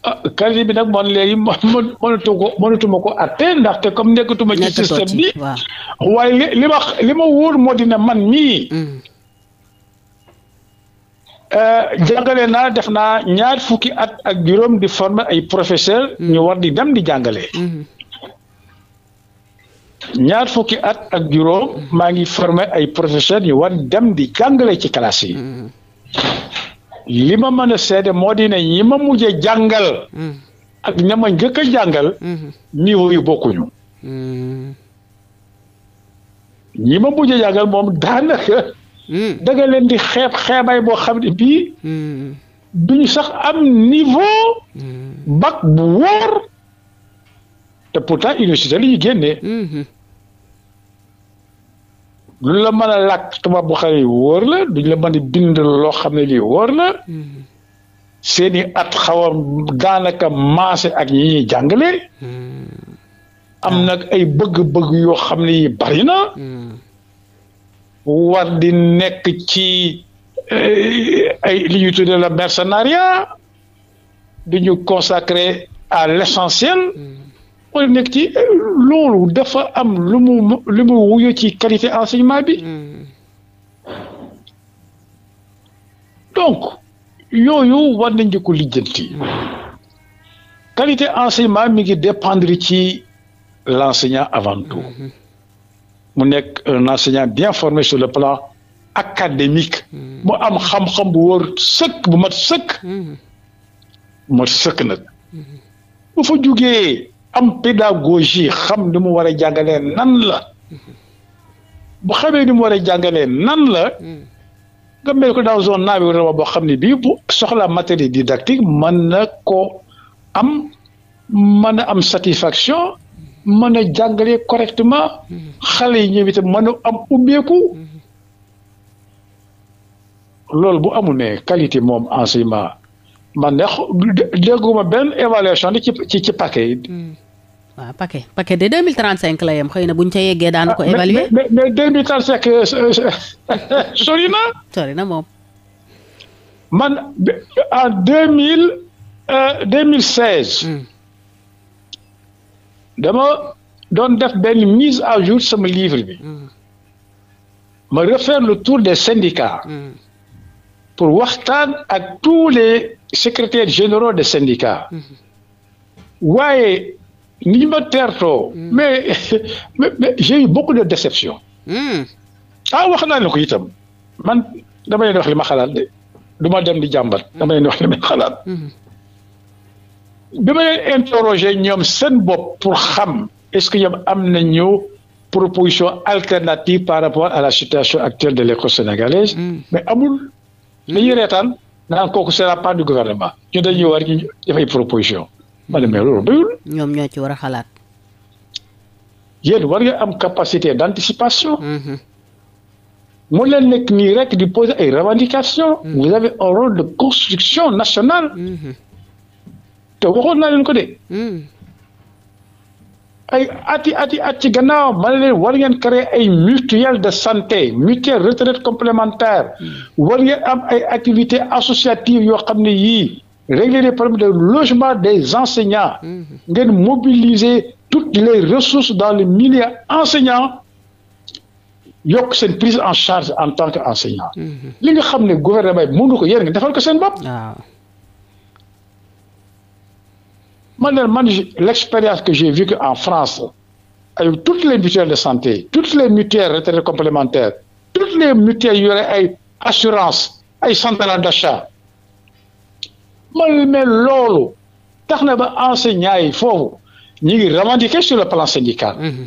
ah qualité bi nag man léegi man mënatu ko mënatuma ko at atte ndaxte comme nekkatuma ci système bi waaye li li ma li ma wóor moo di ne man mii. Mhm. Euh, jàngale naa def naa ñaar fukki at ak juróom di former ay professeur mhm. ñu war di dem di jàngale. ñaar fukki at ak juróom maa ngi formé ay professeurs yu wan dem di jàngale ci classe yi mm. li ma mën a seede moo dina ne ñi ma mujj a jàngal mm. ak ña ma njëkk a jàngal mm-hmm. niveau yu bokkuñu mm. ñi ma mujj a jàngal moom daanaka da leen di xeeb xeebaay boo xam ne bii duñu sax am niveau bac bu wóor te pourtant université la ñu mhm. la mën a làkk tubaab bu xale yi wóor la duñ la mën a loo xam ne lii wóor la. Mhm. seeni at xawa a daanaka maase ak ñi ñuy jàngalee. Mhm. am nag ay bëgg-bëgg yoo xam ne yi na. war di nekk ci eh, ay li ñuy tuddee la mercenariat di ñu consacrer à l'essentiel. mooy nekk ci loolu dafa am lu mu lu mu wuyu ci qualité enseignement bi donc yooyu war nañ di ko lijjanti qualité enseignement mi ngi dépendre ci l'enseignant avant tout mu nekk un enseignant bien formé sur le plan académique mu am xam-xam bu wóor sëkk bu mat sëkk mm-hmm. mat sëkk nag bu fa jugee am pédagogie xam ni mu war a jàngalee nan la bu xamee ni mu war a jàngalee nan la nga mel ko dans un environnement boo xam ne bii bu soxla matériel didactique mën na ko am mën a am satisfaction mën a jàngalee correctement xale yi ñoom itam mën am ubbeeku loolu bu amul ne qualité moom enseignement ma man de dégguma benn évaluation di ci ci ci paquet yi. waaw hmm. ah, paquet de deux mille trente cinq la yem xëy na bu ñu ca yeggee daan ko ah, évaluer. mais mais deux mille trente cinq euh, euh, sori na. sori na moom. man en deux mille euh, deux mille seize. Hmm. dama doon def benn mise à jour sama livre bi. Hmm. ma refaire le tour des syndicats. pour waxtaan ak tous les secrétaires généraux des syndicats mm-hmm. waaye ni ñu ma teertoo mm-hmm. mais mais j'ai eu beaucoup de déception mm-hmm. ah wax naa ne ko itam man dama leen wax li ma xalaat de du ma dem di jàmbat dama wax li ma xalaat bi ma leen interroger ñoom sen bopp pour xam est-ce que ñoom am nañu proposition alternative par rapport à la situation actuelle de l'école sénégalaise mais amul li ñuy reetaan naan kooku c'est la part du gouvernement ñu dañuy war ñu def ay proposition ma ne mais loolu ñoom ñoo ci war a xalaat. yéen war nga am capacité d'anticipation. Mhm. mu leen nekk nii rek di poser ay revendications. Mhm. vous avez un rôle de construction nationale. Mhm. te waxoon naa leen ko de. ay ati ati at ci gannaaw ma leen war ngeen créer ay mutuelle de santé mutuelle retraite complémentaire hmm. war ngeen am ay activités yoo xam ne yii régler les problèmes de logement des enseignants hmm. ngeen mobiliser toutes les ressources dans le milieu enseignant yokk seen prise en charge en tant que enseignant hmm. li nga xam ne gouvernement bi mënu ko yéen nga defal ko seen bopp ah. ma leen man l'expérience que j'ai vécue en France avec toutes les mutuelles de santé toutes les mutuelles retraite complémentaire toutes les mutuelles yore ay assurance ay central d'achat man mais loolu tax na ba enseignants yi foofu ñu ngi revendiquer sur le plan syndical mhm.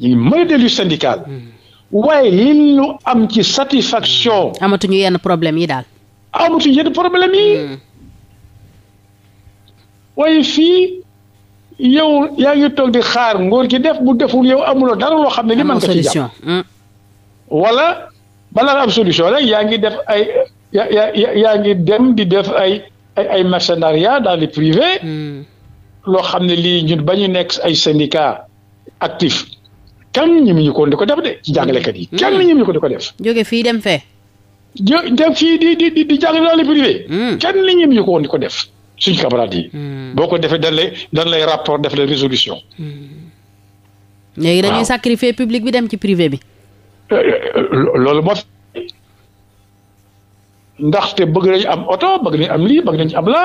ñu ngi mëne syndical mhm. waaye li am ci satisfaction amatuñu yenn problème yi daal amatuñu yenn problème yi mhm. waaye fii yow yaa ngi toog di xaar ngóor ki def bu deful yow amulo dara loo xam ne li mën nga ci jàpp hmm. walla balaa nga am solution rek yaa ngi def ay yaa yaa ngi dem di def ay ay ay mercenariat dans le privé hmm. loo xam ne lii ñun ba ñu nekk ay syndicat actif kenn ñi mu ñu ko di ko def de ci jàngalekat yi hmm. kenn ñi mu ñu ko di ko def jóge fii dem fee di di di jàngale dans le privé kenn ñi mu ñu di ko def suñ camarades yi. Hmm. boo ko defee dañ lay lay rapport def la résolution. Hmm. Hmm. léegi dañuy sacrifier public bi dem ci privé bi. Euh, euh, euh, loolu moo ndaxte bëgg nañu am oto bëgg nañu am lii bëgg nañu am la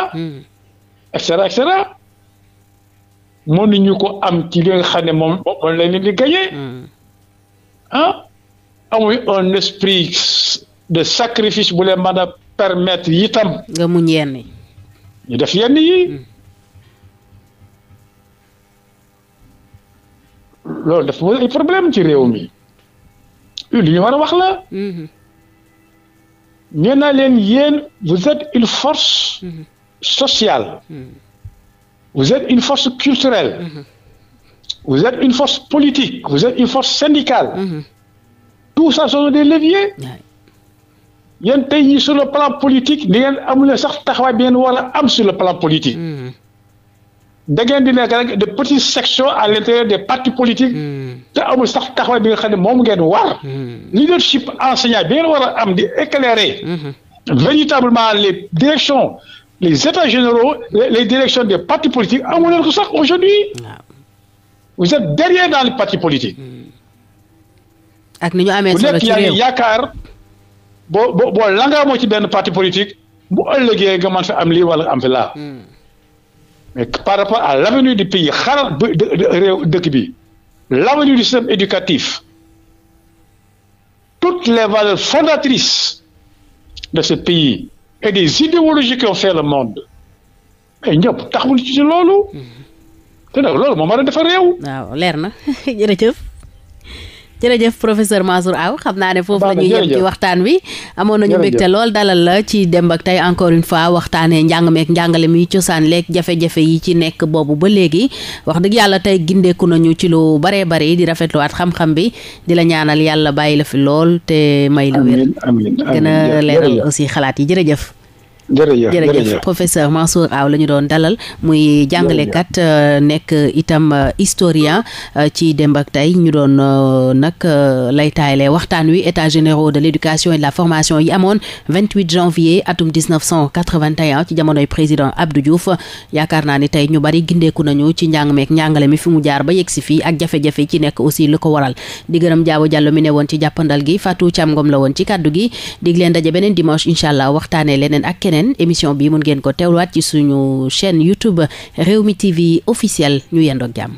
et cetera et cetera ko am ci li nga xam ne moom moom lañ leen di gagné. ah amuñu esprit de sacrifice bu leen mën a permettre yitam nga muñ yenn ñu def yenn yi loolu ay problème ci réew mi li ñu war a wax la mhm. nee naa leen yéen vous êtes une force mhm. sociale mhm. vous êtes une force culturelle vous êtes une force politique vous êtes une force syndicale tout ça sont des leviers yéen tey jii sur le plan politique di ngeen amule sax taxawaay bi ngeen war a am sur le plan politique. Mm-hmm. da di nekk de petites section à l'intérieur des partis politiques. Mm-hmm. te amul sax taxawaay bi nga xam ne moom ngeen war. Mm-hmm. leadership enseignant bi ngeen war a am di éclairer. véritablement les directions les états généraux les directions des partis politiques amul leen ko sax aujourd'hui vous êtes derrière dans les partis politiques. Mm. ak ni ñu amee solo ci réew yaakaar. boo boo boo langaamoo ci benn parti politique bu ëllëgee nga mën fi am lii wala am fi laa. Hmm. par rapport à l'avenir du pays xaral réew dëkk bi l'avenir du système éducatif toutes les valeurs fondatrices de ce pays et des idéologies fait le monde mais ñëpp taxawuñu ci loolu. Hmm. te nag loolu moo war a defar réew. waaw leer na jërëjëf professeur Mansour Aw xam naa ne foofu la ñuy waxtaan wi amoon nañu mbégte lool dalal la ci Demb ak Tay encore une fois waxtaanee njàng meek njàngale mi cosaan leeg jafe-jafe yi ci nekk boobu ba léegi wax dëgg yàlla tey gindeeku nañu ci lu baree bari di rafetluwaat xam-xam bi di la ñaanal yàlla bàyyi la fi lool te may la wér gën a leeral aussi xalaat yi jërëjëf jërëjëf jërëjëf professeur Mansour Aw la ñu doon dalal muy jàngalekat euh, nekk itam euh, historien euh, ci démb ak tey ñu doon nag lay taayale waxtaan wi états généraux de l'éducation et de la formation yi amoon 28 janvier atum 1981 ci jamonoy président Abdou Diouf yaakaar naa ni tey ñu bari gindeeku nañu ci njàng meek njàngale mi fi mu jaar ba yegg si fii ak jafe-jafe ci nekk aussi lu ko waral di gërëm jaawo jàllo mi ne woon ci jàppandal gi Fatou Thiam Ngom la woon ci kàddu gi dig leen daje beneen dimanche incha allah ak keneen yeneen émission bi mun ngeen ko teewluwaat ci suñu chaîne YouTube Rewmi TV officiel ñu yendoog jàmm